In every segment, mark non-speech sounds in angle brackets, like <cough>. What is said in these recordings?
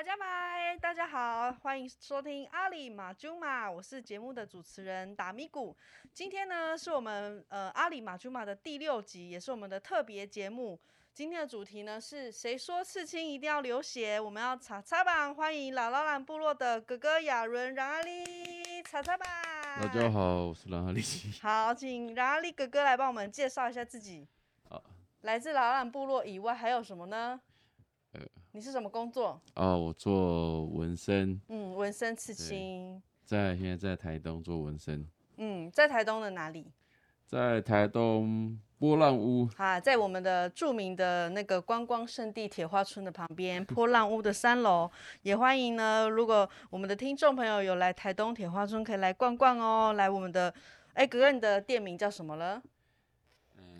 大家好，大家好，歡迎收聽阿里馬珠馬，我是節目的主持人達米古。今天呢是我們呃阿里馬珠馬的第六集，也是我們的特別節目。今天的主題呢是誰說刺青一定要流血？我們要查查吧！歡迎老老懶部落的哥哥亞倫讓阿里查查吧。大家好，我是讓阿里。 <laughs> 好，請讓阿里哥哥來幫我們介紹一下自己。好，來自老老懶部落以外還有什麼呢？你是什麼工作？哦，我做紋身。嗯，紋身刺青。在現在在台東做紋身。嗯，在台東的哪裡？在台東波浪屋。哈，在我們的著名的那個觀光勝地鐵花村的旁邊，波浪屋的三樓。 <laughs> 也歡迎呢，如果我們的聽眾朋友有來台東鐵花村，可以來逛逛哦。來我們的，哎，哥哥，你的店名叫什麼了？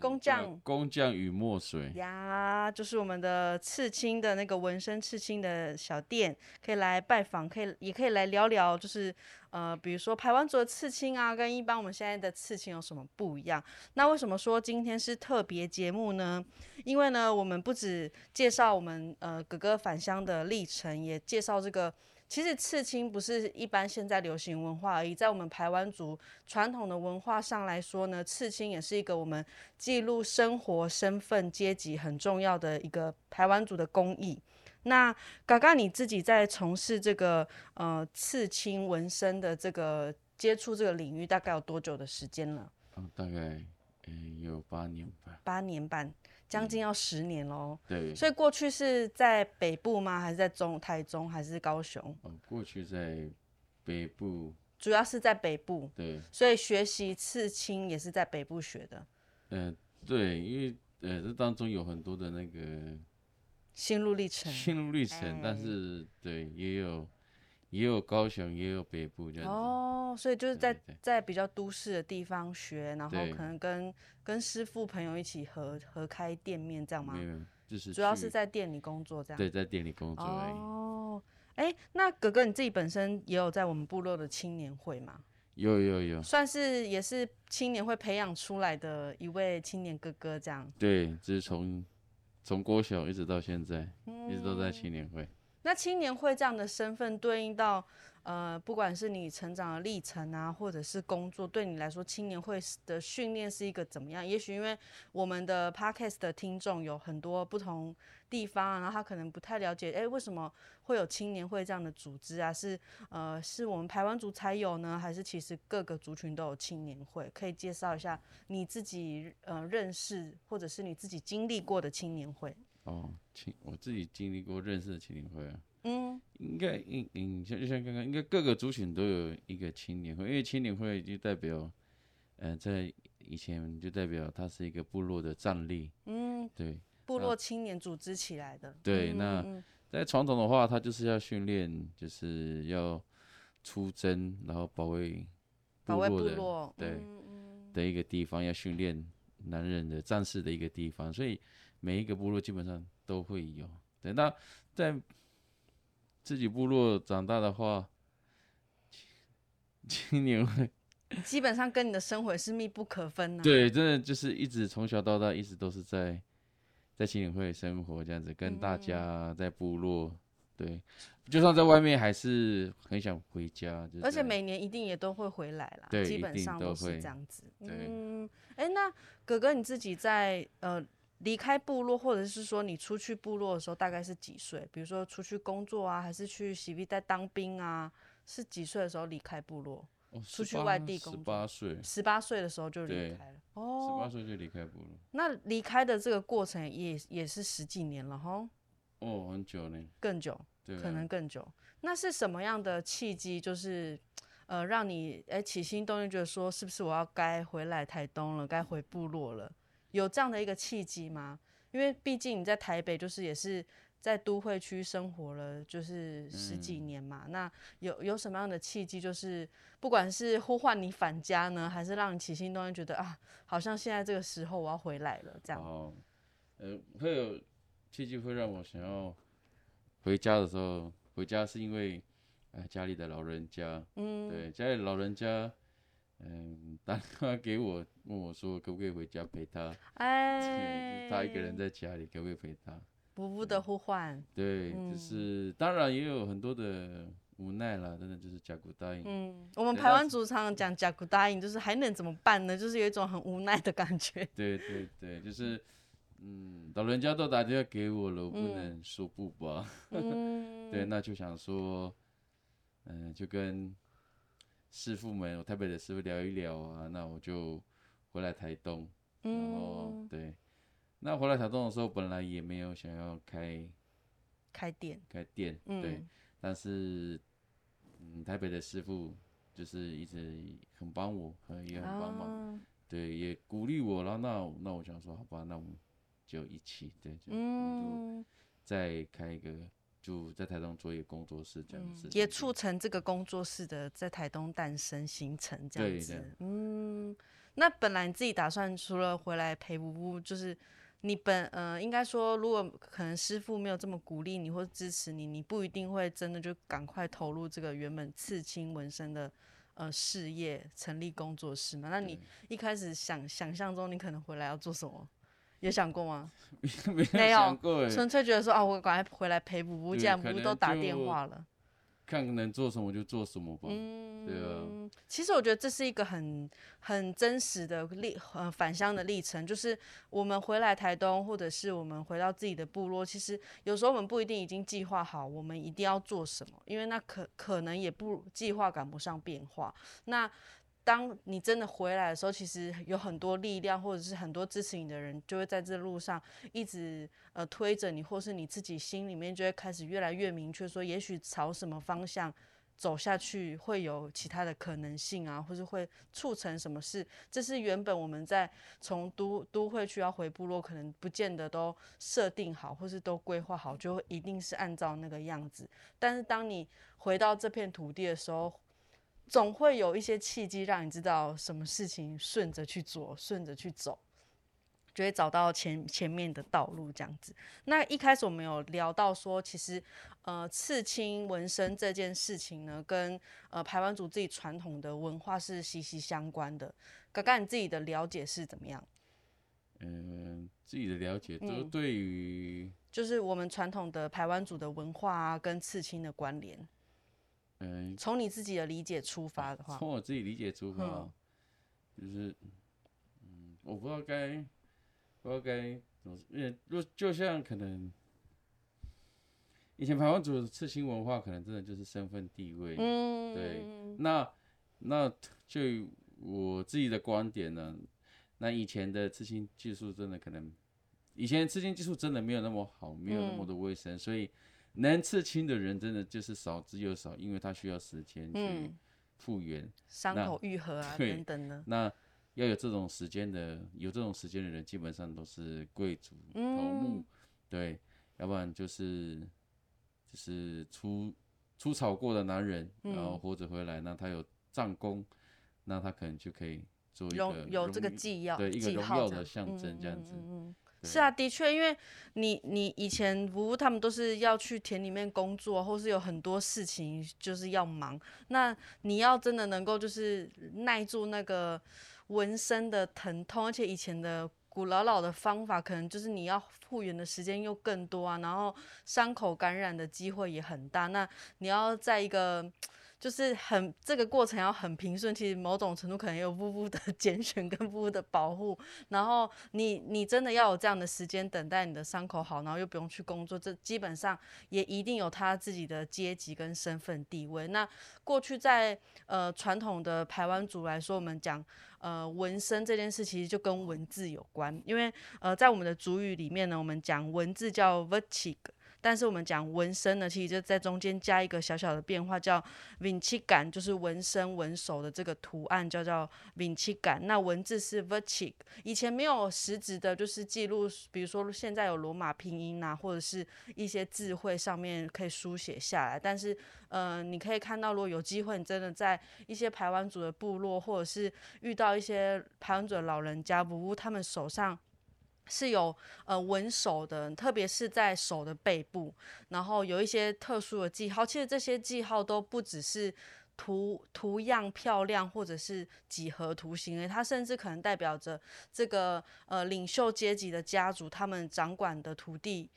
工匠工匠與墨水呀，yeah, 就是我們的刺青的那個紋身刺青的小店，可以來拜訪，可以也可以來聊聊，就是呃，比如說排灣族的刺青啊，跟一般我們現在的刺青有什麼不一樣？那為什麼說今天是特別節目呢？因為呢，我們不只介紹我們呃哥哥返鄉的歷程，也介紹這個。其實刺青不是一般現在流行文化而已，在我們排灣族傳統的文化上來說呢，刺青也是一個我們記錄生活、身份、階級很重要的一個排灣族的工藝。那剛剛你自己在從事這個呃刺青紋身的這個接觸這個領域，大概有多久的時間了？哦，大概。嗯、有八年半，八年半，將近要十年嘍、嗯。對，所以過去是在北部嗎？還是在中，台中，還是高雄？哦，過去在北部，主要是在北部。對，所以學習刺青也是在北部學的。嗯、呃，對，因為呃，這當中有很多的那個心路歷程，心路歷程，哎、但是對也有。也有高雄，也有北部這樣哦，所以就是在對對對，在比較都市的地方學，然後可能跟跟師傅朋友一起合合開店面這樣嗎？沒有、就是，主要是在店裡工作這樣。對，在店裡工作而已。哦，哎、欸，那哥哥你自己本身也有在我們部落的青年會嗎？有有有，算是也是青年會培養出來的一位青年哥哥這樣。對，就、嗯、是從從國小一直到現在、嗯，一直都在青年會。那青年會這樣的身份對應到，呃，不管是你成長的歷程啊，或者是工作，對你來說，青年會的訓練是一個怎麼樣？也許因為我們的 podcast 的聽眾有很多不同地方，啊，然後他可能不太了解，哎、欸，為什麼會有青年會這樣的組織啊？是呃，是我們排灣族才有呢，還是其實各個族群都有青年會？可以介紹一下你自己呃認識或者是你自己經歷過的青年會。哦，青我自己經歷過認識的青年會啊，嗯，應該應應，像就像剛剛，應該各個族群都有一個青年會，因為青年會就代表，嗯、呃，在以前就代表它是一個部落的戰力，嗯，對，部落青年組織起來的，嗯、對，那在傳統的話，它就是要訓練，就是要出征，然後保衛，保衛部落，對、嗯，的一個地方要訓練男人的戰士的一個地方，所以。每一個部落基本上都會有。等到在自己部落長大的話，青年會基本上跟你的生活是密不可分的、啊。對，真的就是一直從小到大，一直都是在在青年會生活，這樣子跟大家、嗯、在部落。對，就算在外面還是很想回家。就而且每年一定也都會回來啦，對，基本上都會這樣子。一定都會，嗯，哎、欸，那哥哥你自己在呃。離開部落，或者是說你出去部落的時候大概是幾歲？比如說出去工作啊，還是去洗兵在當兵啊？是幾歲的時候離開部落，哦、18, 出去外地工作？十八歲。十八歲的時候就離開了哦。十八歲就離開部落。那離開的這個過程也也是十幾年了哈。哦、oh,，很久呢。更久、啊，可能更久。那是什麼樣的契機？就是呃，讓你哎、欸、起心動念，就說是不是我要該回來台東了，該回部落了？有這樣的一個契機嗎？因為畢竟你在台北，就是也是在都會區生活了，就是十幾年嘛。嗯、那有有什麼樣的契機，就是不管是呼喚你返家呢，還是讓你起心動念覺得啊，好像現在這個時候我要回來了這樣。哦，呃，會有契機會讓我想要回家的時候，回家是因為，家裡的老人家，嗯，對，家裡的老人家。嗯，打電話給我問我說，可不可以回家陪他？哎，他一個人在家裡，可不可以陪他？無不的呼喚、嗯。對，嗯、就是當然也有很多的無奈啦，真的就是甲骨答應。嗯，我們排灣族常講甲骨答應，就是還能怎麼辦呢？就是有一種很無奈的感覺。對對對，就是嗯，老人家都打電話給我了，我不能說不吧？嗯、 <laughs> 對，那就想說，嗯，就跟。師傅們，我台北的師傅聊一聊啊，那我就回來台東，嗯、然後對，那回來台東的時候，本來也沒有想要開開店，開店，嗯、對，但是嗯，台北的師傅就是一直很幫我，也很幫忙、啊，對，也鼓勵我，然後那那我想說，好吧，那我們就一起，對，嗯，就再開一個。嗯就在台東做一個工作室這樣子、嗯，也促成這個工作室的在台東誕生、形成這樣子對對。嗯，那本來你自己打算除了回來陪吳吳，就是你本呃，應該說如果可能，師父沒有這麼鼓勵你或支持你，你不一定會真的就趕快投入這個原本刺青紋身的呃事業，成立工作室嘛？那你一開始想想象中，你可能回來要做什麼？有想過嗎？ <laughs> 沒有想過，沒有，純粹覺得說啊，我趕快回來陪母母，既然母母都打電話了，看能做什麼就做什麼吧。嗯，對啊。其實我覺得這是一個很很真實的歷呃返鄉的歷程，就是我們回來台東，或者是我們回到自己的部落，其實有時候我們不一定已經計劃好我們一定要做什麼，因為那可可能也不計劃趕不上變化。那當你真的回來的時候，其實有很多力量，或者是很多支持你的人，就會在這路上一直呃推着你，或是你自己心裡面就會開始越來越明確，說也許朝什麼方向走下去會有其他的可能性啊，或是會促成什麼事。這是原本我們在從都都會區要回部落，可能不見得都設定好，或是都規劃好，就一定是按照那個樣子。但是當你回到這片土地的時候，總會有一些契機，讓你知道什麼事情順着去做，順着去走，就會找到前前面的道路。這樣子。那一開始我們有聊到說，其實，呃，刺青紋身這件事情呢，跟呃排灣族自己傳統的文化是息息相關的。剛剛你自己的了解是怎麼樣？嗯、呃，自己的了解都對於、嗯，就是我們傳統的排灣族的文化、啊、跟刺青的關聯。嗯，從你自己的理解出發的話，從我自己理解出發，嗯，就是，嗯，我不知道該，不知道該怎麼，就就像可能，以前排灣族的刺青文化，可能真的就是身份地位，嗯，對，那，那就我自己的觀點呢，那以前的刺青技術真的可能，以前刺青技術真的沒有那麼好，沒有那麼多衛生，嗯，所以。能刺青的人真的就是少之又少，因為他需要時間去復原、嗯、傷口愈合啊，等等呢。那要有這種時間的，有這種時間的人，基本上都是貴族頭目、嗯，對，要不然就是就是出出草過的男人，嗯、然後活着回來，那他有戰功，那他可能就可以做一個有這個記號，對，記號，對，一個榮耀的象徵這樣子。嗯嗯嗯嗯嗯、是啊，的確，因為你你以前伯伯他們都是要去田裡面工作，或是有很多事情就是要忙。那你要真的能夠就是耐住那個紋身的疼痛，而且以前的古老老的方法，可能就是你要復原的時間又更多啊，然後傷口感染的機會也很大。那你要在一個就是很這個過程要很平順，其實某種程度可能有步步的揀選跟步步的保護，然後你你真的要有這樣的時間等待你的傷口好，然後又不用去工作，這基本上也一定有他自己的階級跟身份地位。那過去在呃傳統的排灣族來說，我們講呃紋身這件事其實就跟文字有關，因為呃在我們的族語裡面呢，我們講文字叫 vertig。但是我們講紋身呢，其實就在中間加一個小小的變化，叫 win 七感，就是紋身紋手的這個圖案叫叫 win 七感。那文字是 v e r h i g，以前沒有實質的，就是記錄，比如說現在有羅馬拼音啊，或者是一些字彙上面可以書寫下來。但是，嗯、呃，你可以看到，如果有機會，你真的在一些排灣族的部落，或者是遇到一些排灣族的老人家，不，他們手上。是有呃紋手的，特別是在手的背部，然後有一些特殊的記號。其實這些記號都不只是圖圖樣漂亮，或者是幾何圖形，哎，它甚至可能代表着這個呃領袖階級的家族，他們掌管的土地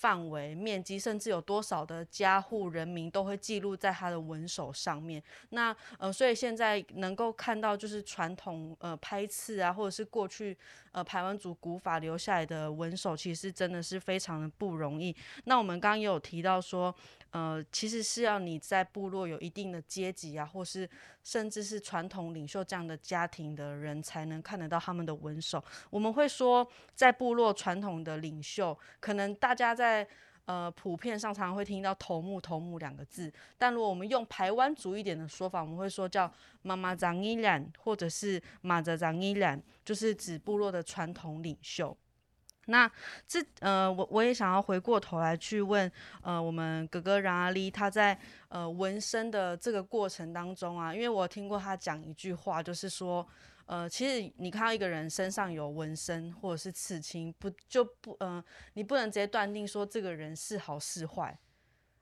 範圍、面積，甚至有多少的家戶人民都會記錄在他的紋手上面。那呃，所以現在能夠看到就是傳統呃拍刺啊，或者是過去。呃，排灣族古法留下來的文手，其實真的是非常的不容易。那我們剛剛也有提到說，呃，其實是要你在部落有一定的階級啊，或是甚至是傳統領袖這樣的家庭的人，才能看得到他們的文手。我們會說，在部落傳統的領袖，可能大家在。呃，普遍上常常會聽到頭目、頭目兩個字，但如果我們用排灣族一點的說法，我們會說叫媽媽長尼蘭，或者是馬者長尼蘭，就是指部落的傳統領袖。那這呃，我我也想要回過頭來去問呃，我們哥哥讓阿麗，他在呃紋身的這個過程當中啊，因為我聽過他講一句話，就是說。呃，其實你看到一個人身上有紋身或者是刺青，不就不呃，你不能直接斷定說這個人是好是壞，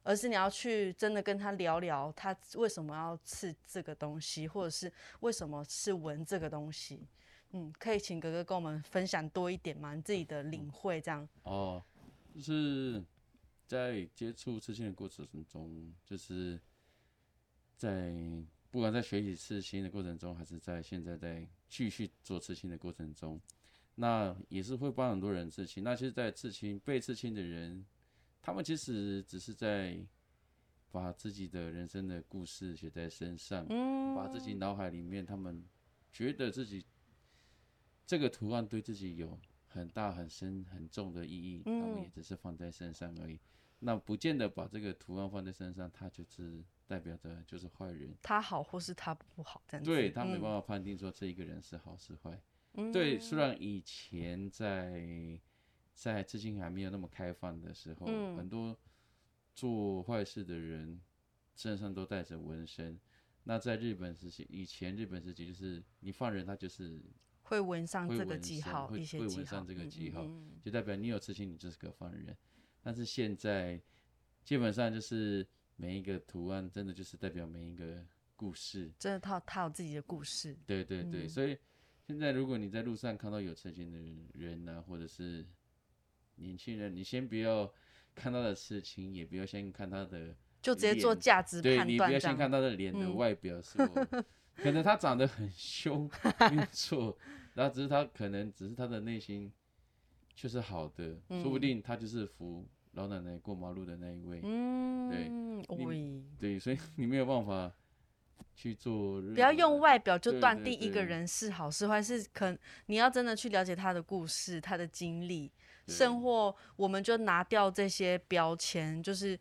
而是你要去真的跟他聊聊，他為什麼要刺這個東西，或者是為什麼是紋這個東西。嗯，可以請哥哥跟我們分享多一點嗎？你自己的領會這樣。嗯、哦，就是在接觸刺青的過程中，就是在。不管在學習刺青的過程中，還是在現在在繼續做刺青的過程中，那也是會幫很多人刺青。那其實，在刺青、被刺青的人，他們其實只是在把自己的人生的故事寫在身上，把自己腦海裡面，他們覺得自己這個圖案對自己有很大、很深、很重的意義，他們也只是放在身上而已。那不見得把這個圖案放在身上，他就是代表着就是壞人。他好或是他不好，這樣子對他沒辦法判定說這一個人是好是壞。嗯。對，雖然以前在在刺青還沒有那麼開放的時候，嗯、很多做壞事的人身上都帶着紋身。那在日本時期，以前日本時期就是你犯人，他就是會紋上這個記號，會紋上這個記號。嗯嗯嗯，就代表你有刺青，你就是個犯人。但是現在，基本上就是每一個圖案真的就是代表每一個故事，真的，他有他有自己的故事。對對對、嗯，所以現在如果你在路上看到有刺青的人啊，或者是年輕人，你先不要看他的刺青，也不要先看他的，就直接做價值判斷。對，你不要先看他的臉的外表是，嗯、 <laughs> 可能他長得很兇沒錯，那 <laughs> 只是他可能只是他的內心。就是好的、嗯，說不定他就是扶老奶奶過馬路的那一位。嗯，對，哎、對，所以你沒有辦法去做。不要用外表就斷定一個人是好是壞，是可你要真的去了解他的故事、他的經歷，甚或我們就拿掉這些標籤，就是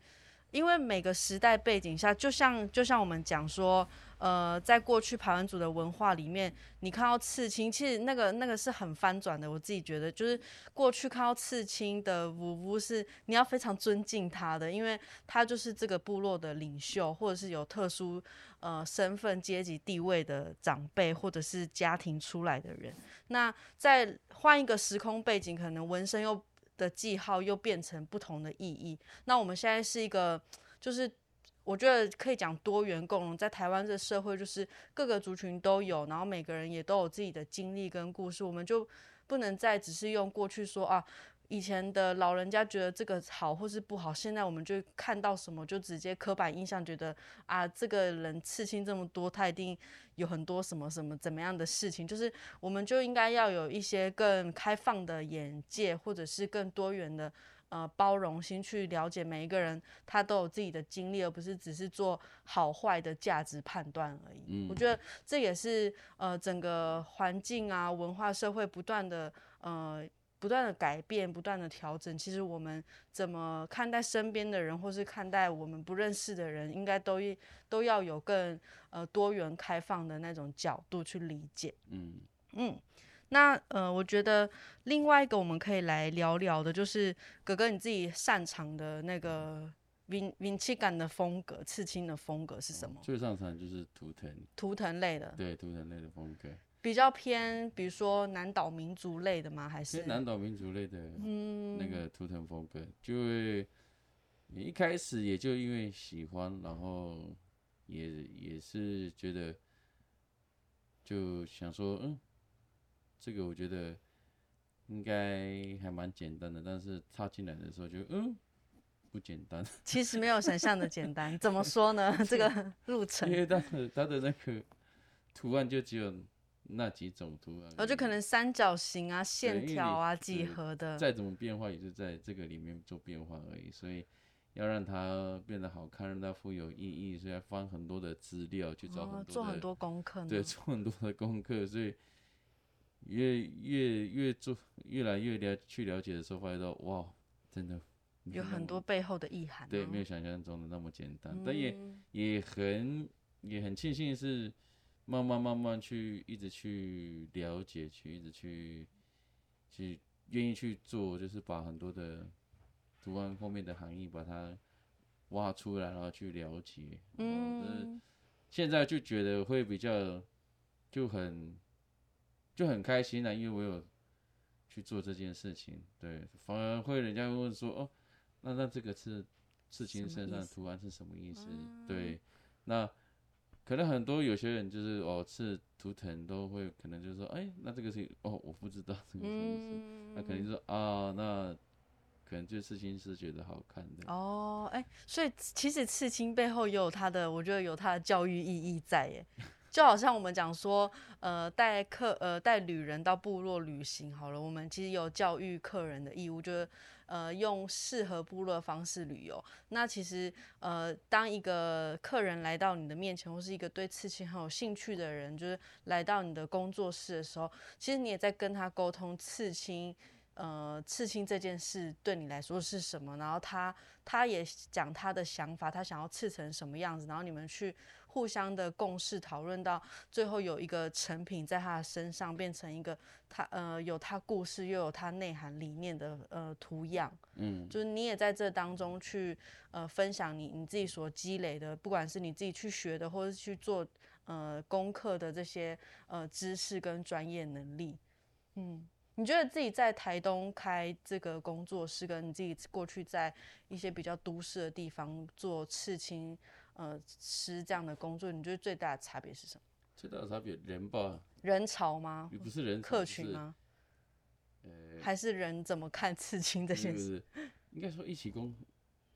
因為每個時代背景下，就像就像我們講說。呃，在過去排灣族的文化裡面，你看到刺青，其實那個那個是很翻轉的。我自己覺得，就是過去看到刺青的五夫是你要非常尊敬他的，因為他就是這個部落的領袖，或者是有特殊呃身份、階級、地位的長輩，或者是家庭出來的人。那在換一個時空背景，可能紋身又的記號又變成不同的意義。那我們現在是一個就是。我覺得可以講多元共榮，在台灣這社會就是各個族群都有，然後每個人也都有自己的經歷跟故事，我們就不能再只是用過去說啊，以前的老人家覺得這個好或是不好，現在我們就看到什麼就直接刻板印象，覺得啊，這個人刺青這麼多，他一定有很多什麼什麼怎麼樣的事情，就是我們就應該要有一些更開放的眼界，或者是更多元的。呃，包容心去了解每一個人，他都有自己的經歷，而不是只是做好壞的價值判斷而已。嗯。我覺得這也是呃，整個環境啊、文化、社會不斷的呃，不斷的改變、不斷的調整。其實我們怎麼看待身邊的人，或是看待我們不認識的人，應該都都要有更呃多元、開放的那種角度去理解。嗯嗯。那呃，我覺得另外一個我們可以來聊聊的，就是哥哥你自己擅長的那個敏民氣感的風格、刺青的風格是什麼？最擅長就是圖騰，圖騰類的。對，圖騰類的風格比較偏，比如說南島民族類的嗎？還是南島民族類的那個圖騰風格，嗯，就一開始也就因為喜歡，然後也也是覺得就想說，嗯。這個我覺得應該還蠻簡單的，但是插進來的時候就嗯不簡單。其實沒有想象的簡單， <laughs> 怎麼說呢？ <laughs> 這個路程。因為它的它的那個圖案就只有那幾種圖案。哦，就可能三角形啊、線條啊、幾何的、呃。再怎麼變化，也是在這個裡面做變化而已。所以要讓它變得好看，讓它富有意義，所以要翻很多的資料去找很多、哦、做很多功課，對，做很多的功課，所以。越越越做，越來越了去了解的時候，發現到，哇，真的有，有很多背後的意涵啊。對，沒有想象中的那麼簡單，嗯，但也也很也很慶幸是慢慢慢慢去一直去了解，去一直去去願意去做，就是把很多的圖案後面的含義把它挖出來，然後去了解。嗯，就是，現在就覺得會比較就很。就很開心啦、啊，因為我有去做這件事情，對，反而會人家會問說，哦，那那這個刺刺青身上圖案是什麼意思？意思對、嗯，那可能很多有些人就是哦，刺圖騰都會可能就是說，哎、欸，那這個是哦，我不知道這個什麼意思。那肯定是啊，那可能這、哦、刺青是覺得好看的。哦，哎、欸，所以其實刺青背後也有他的，我覺得有他的教育意義在耶，哎。 <laughs> 就好像我們講說，呃，帶客呃帶旅人到部落旅行好了，我們其實有教育客人的義務，就是呃用適合部落的方式旅遊。那其實呃當一個客人來到你的面前，或是一個對刺青很有興趣的人，就是來到你的工作室的時候，其實你也在跟他溝通刺青，呃刺青這件事對你來說是什麼？然後他他也講他的想法，他想要刺成什麼樣子，然後你們去。互相的共識討論到最後有一個成品，在他的身上變成一個他呃有他故事又有他內涵理念的呃圖樣，嗯，就是你也在這當中去呃分享你你自己所積累的，不管是你自己去學的或是去做呃功課的這些呃知識跟專業能力，嗯，你覺得自己在台東開這個工作室跟你自己過去在一些比較都市的地方做刺青。呃，吃這樣的工作，你覺得最大的差別是什麼？最大的差別，人吧，人潮嗎？不是人客群嗎，呃？還是人怎麼看刺青這件事？應該說一起工，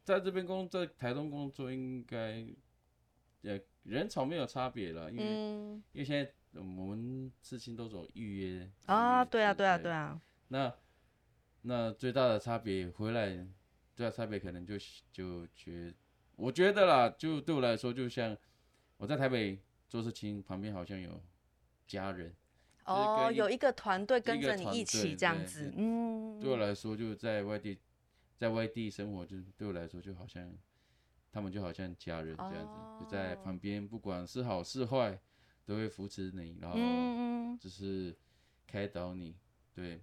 在這邊工作，在台東工作應，應該人潮沒有差別了，因為、嗯、因為現在我們刺青都走預約啊，對啊，對啊，對啊。那那最大的差別，回來最大差別可能就就覺。我覺得啦，就對我來說，就像我在台北做事情，旁邊好像有家人。哦，一有一個團隊跟着你一起這樣子。嗯，對我來說，就在外地，在外地生活，就對我來說就好像他們就好像家人這樣子，哦、就在旁邊，不管是好是壞，都會扶持你，然後就是開導你。嗯、對，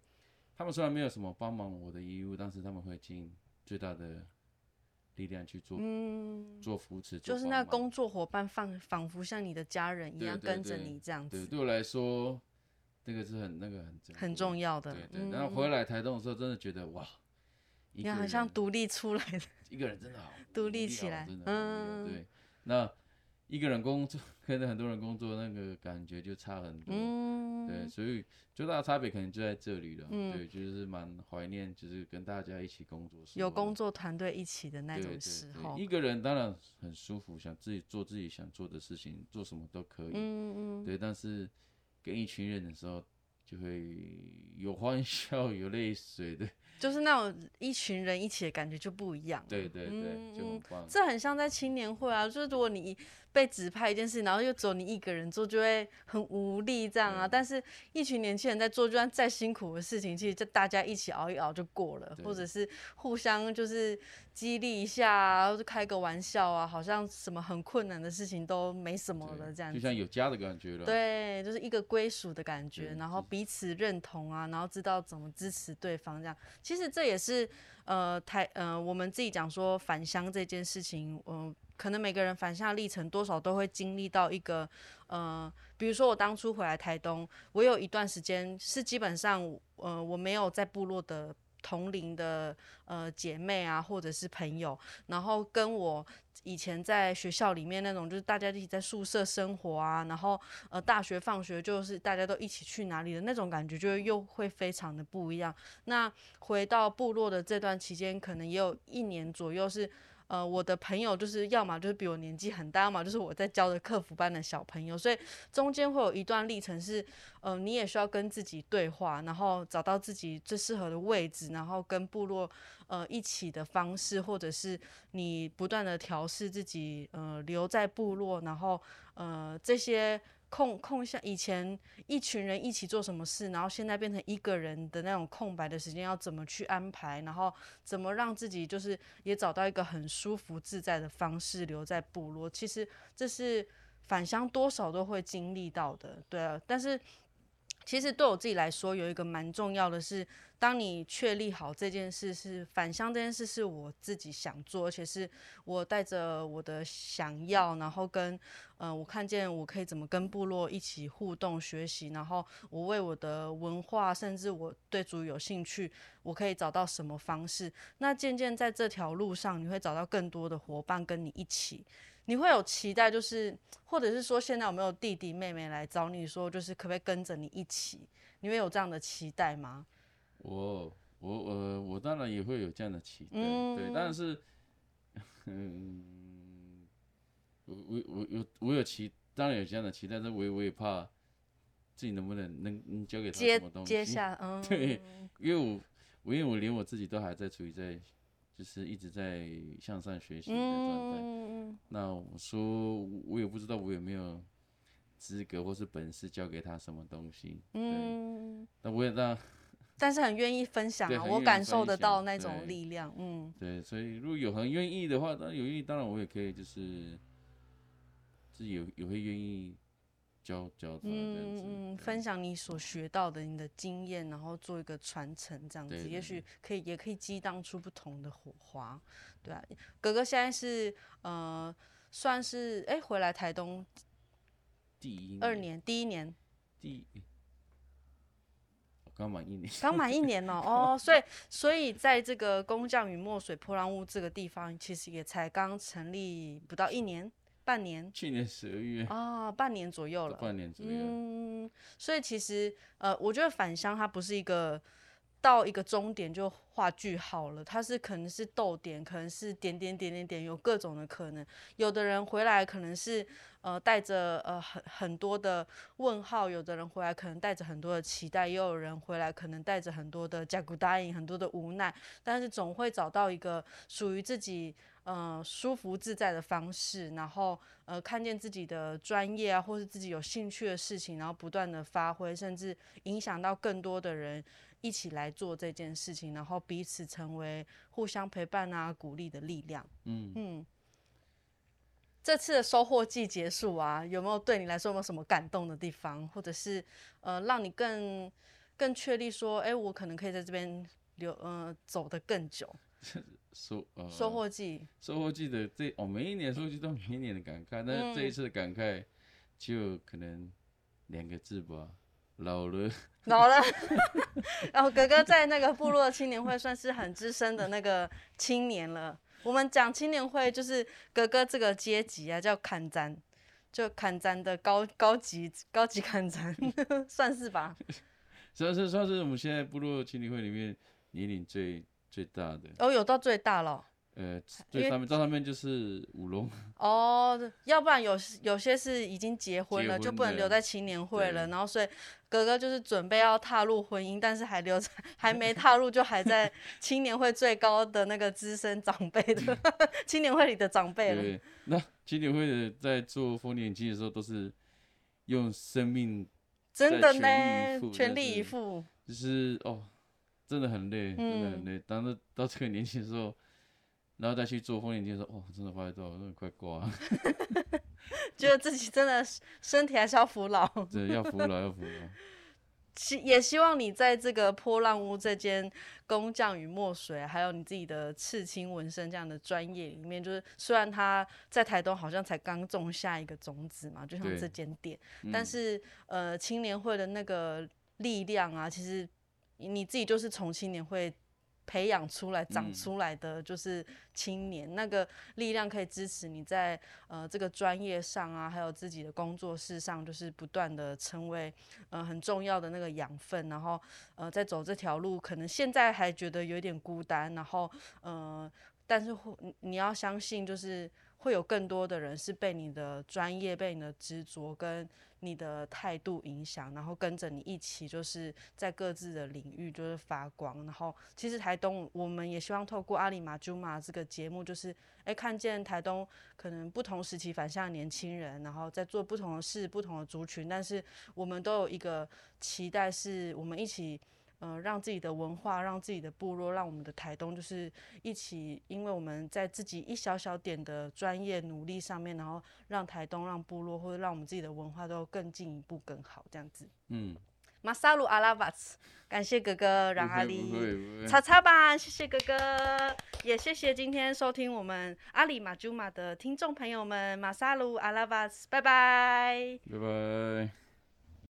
他們雖然沒有什麼幫忙我的義務，但是他們會盡最大的。力量去做、嗯，做扶持，就是那個工作伙伴，放仿佛像你的家人一樣跟着你這樣子。對，對，對，對，對我來說，這、那個是很那個很很重要的。對，對對，然後回來台東的時候，真的覺得嗯嗯哇，你看好像獨立出來的一個人真的好，獨立起來，嗯，對，那。一個人工作，跟着很多人工作，那個感覺就差很多。嗯、對，所以最大的差別可能就在這裡了。嗯、對，就是蠻懷念，就是跟大家一起工作時，有工作團隊一起的那種時候，對對對。一個人當然很舒服，想自己做自己想做的事情，做什麼都可以。嗯嗯。對，但是跟一群人的時候，就會有歡笑，有淚水的。就是那種一群人一起的感覺就不一樣。對對對，嗯、就很棒、嗯、這很像在青年會啊，就是如果你。被指派一件事，然後又走你一個人做，就會很無力這樣啊。但是一群年輕人在做，就算再辛苦的事情，其實就大家一起熬一熬就過了，或者是互相就是激勵一下，啊，然後開個玩笑啊，好像什麼很困難的事情都沒什麼了這樣子。就像有家的感覺了，對，就是一個歸屬的感覺，然後彼此認同啊，然後知道怎麼支持對方這樣。其實這也是。呃，台呃，我們自己講說返鄉這件事情，嗯、呃，可能每個人返鄉的歷程多少都會經歷到一個，呃，比如說我當初回來台東，我有一段時間是基本上，呃，我沒有在部落的同齡的呃姐妹啊，或者是朋友，然後跟我。以前在學校裡面那種，就是大家一起在宿舍生活啊，然後呃，大學放學就是大家都一起去哪裡的那種感覺，就又會非常的不一樣。那回到部落的這段期間，可能也有一年左右是。呃，我的朋友就是要麼就是比我年紀很大，要麼就是我在教的客服班的小朋友，所以中間會有一段歷程是，呃，你也需要跟自己對話，然後找到自己最適合的位置，然後跟部落呃一起的方式，或者是你不斷的調適自己，呃，留在部落，然後呃這些。空空，像以前一群人一起做什麼事，然後現在變成一個人的那種空白的時間要怎麼去安排，然後怎麼讓自己就是也找到一個很舒服自在的方式留在部落。其實這是返鄉多少都會經歷到的，對啊。但是其實對我自己來說，有一個蠻重要的是。當你確立好這件事，是返鄉這件事是我自己想做，而且是我帶着我的想要，然後跟嗯、呃，我看見我可以怎麼跟部落一起互動學習，然後我為我的文化，甚至我對族語有興趣，我可以找到什麼方式。那漸漸在這條路上，你會找到更多的夥伴跟你一起。你會有期待，就是或者是說，現在有沒有弟弟妹妹來找你說，就是可不可以跟着你一起？你會有這樣的期待嗎？我我我、呃、我當然也會有這樣的期待，嗯、對，但是，嗯，我我我有我有期，當然有這樣的期待，但是我也我也怕自己能不能能能教給他什麼東西，嗯、接下、對，因為我我因為我連我自己都還在處於在就是一直在向上學習的狀態、嗯，那我說我也不知道我有沒有資格或是本事教給他什麼東西，對嗯，那我也讓。但是很願意分享啊分享，我感受得到那種力量，嗯。對，所以如果有很願意的話，那有願意，當然我也可以，就是，自己也會願意教教他。嗯嗯，分享你所學到的、你的經驗，然後做一個傳承這樣子，也許可以，也可以激盪出不同的火花，對啊。哥哥現在是呃，算是哎、欸、回來台東，第一年二年，第一年。第一。剛滿一年，剛滿一年了、喔、 <laughs> 哦，所以所以在這個工匠與墨水破浪屋這個地方，其實也才剛成立不到一年，半年。去年十二月啊、哦，半年左右了，半年左右。嗯，所以其實呃，我覺得返鄉它不是一個。到一個終點就畫句號了，它是可能是逗點，可能是點點點點點，有各種的可能。有的人回來可能是呃帶着呃很很多的問號，有的人回來可能帶着很多的期待，也有人回來可能帶着很多的甲骨答應、很多的無奈。但是總會找到一個屬於自己呃舒服自在的方式，然後呃看見自己的專業啊，或是自己有興趣的事情，然後不斷的發揮，甚至影響到更多的人。一起來做這件事情，然後彼此成為互相陪伴啊、鼓勵的力量。嗯嗯，這次的收穫季結束啊，有沒有對你來說有沒有什麼感動的地方，或者是呃，讓你更更確立說，哎，我可能可以在這邊留呃走得更久。收、呃、收穫季，收穫季的這哦，每一年收穫季都每一年的感慨，那這一次的感慨就可能兩個字吧。嗯老了，老了。然 <laughs> 後、哦、哥哥在那個部落青年會算是很資深的那個青年了。我們講青年會就是哥哥這個階級啊，叫砍氈，就砍氈的高高級高級砍氈， <laughs> 算是吧？算是算是我們現在部落青年會裡面年齡最最大的。哦，有到最大了、哦。呃，最上面到上面就是五龍。哦，要不然有有些是已經結婚了結婚，就不能留在青年會了。然後所以。哥哥就是準備要踏入婚姻，但是還留着，還沒踏入就還在青年會最高的那個資深長輩的 <laughs> <laughs> 青年會裡的長輩了。對，對，那青年會的在做豐年祭的時候都是用生命，真的呢、就是，全力以赴，就是哦，真的很累，真的很累。嗯、當時到這個年紀的時候。然後再去做風紉機，說哦，真的快到，那快掛。 <laughs> <laughs> 覺得自己真的身體還是要服老。 <laughs> 對，要服老，要服老。希也希望你在這個波浪屋這間工匠與墨水，還有你自己的刺青紋身這樣的專業裡面，就是雖然他在台東好像才剛種下一個種子嘛，就像這間店，但是、嗯、呃青年會的那個力量啊，其實你自己就是從青年會。培養出來、長出來的就是青年，嗯、那個力量可以支持你在呃這個專業上啊，還有自己的工作室上，就是不斷的成為呃很重要的那個養分。然後呃在走這條路，可能現在還覺得有點孤單，然後嗯、呃，但是你要相信，就是。會有更多的人是被你的專業、被你的執着跟你的態度影響，然後跟着你一起，就是在各自的領域就是發光。然後，其實台東我們也希望透過阿里瑪朱瑪這個節目，就是誒、欸、看見台東可能不同時期返鄉年輕人，然後在做不同的事、不同的族群，但是我們都有一個期待，是我們一起。嗯、呃，讓自己的文化，讓自己的部落，讓我們的台東，就是一起，因為我們在自己一小小點的專業努力上面，然後讓台東、讓部落或者讓我們自己的文化都更進一步、更好這樣子。嗯。Masaru Alavas，感謝哥哥，讓阿里。叉叉吧，謝謝哥哥， <laughs> 也謝謝今天收聽我們阿里馬珠馬的聽眾朋友們，Masaru Alavas，拜拜。拜拜。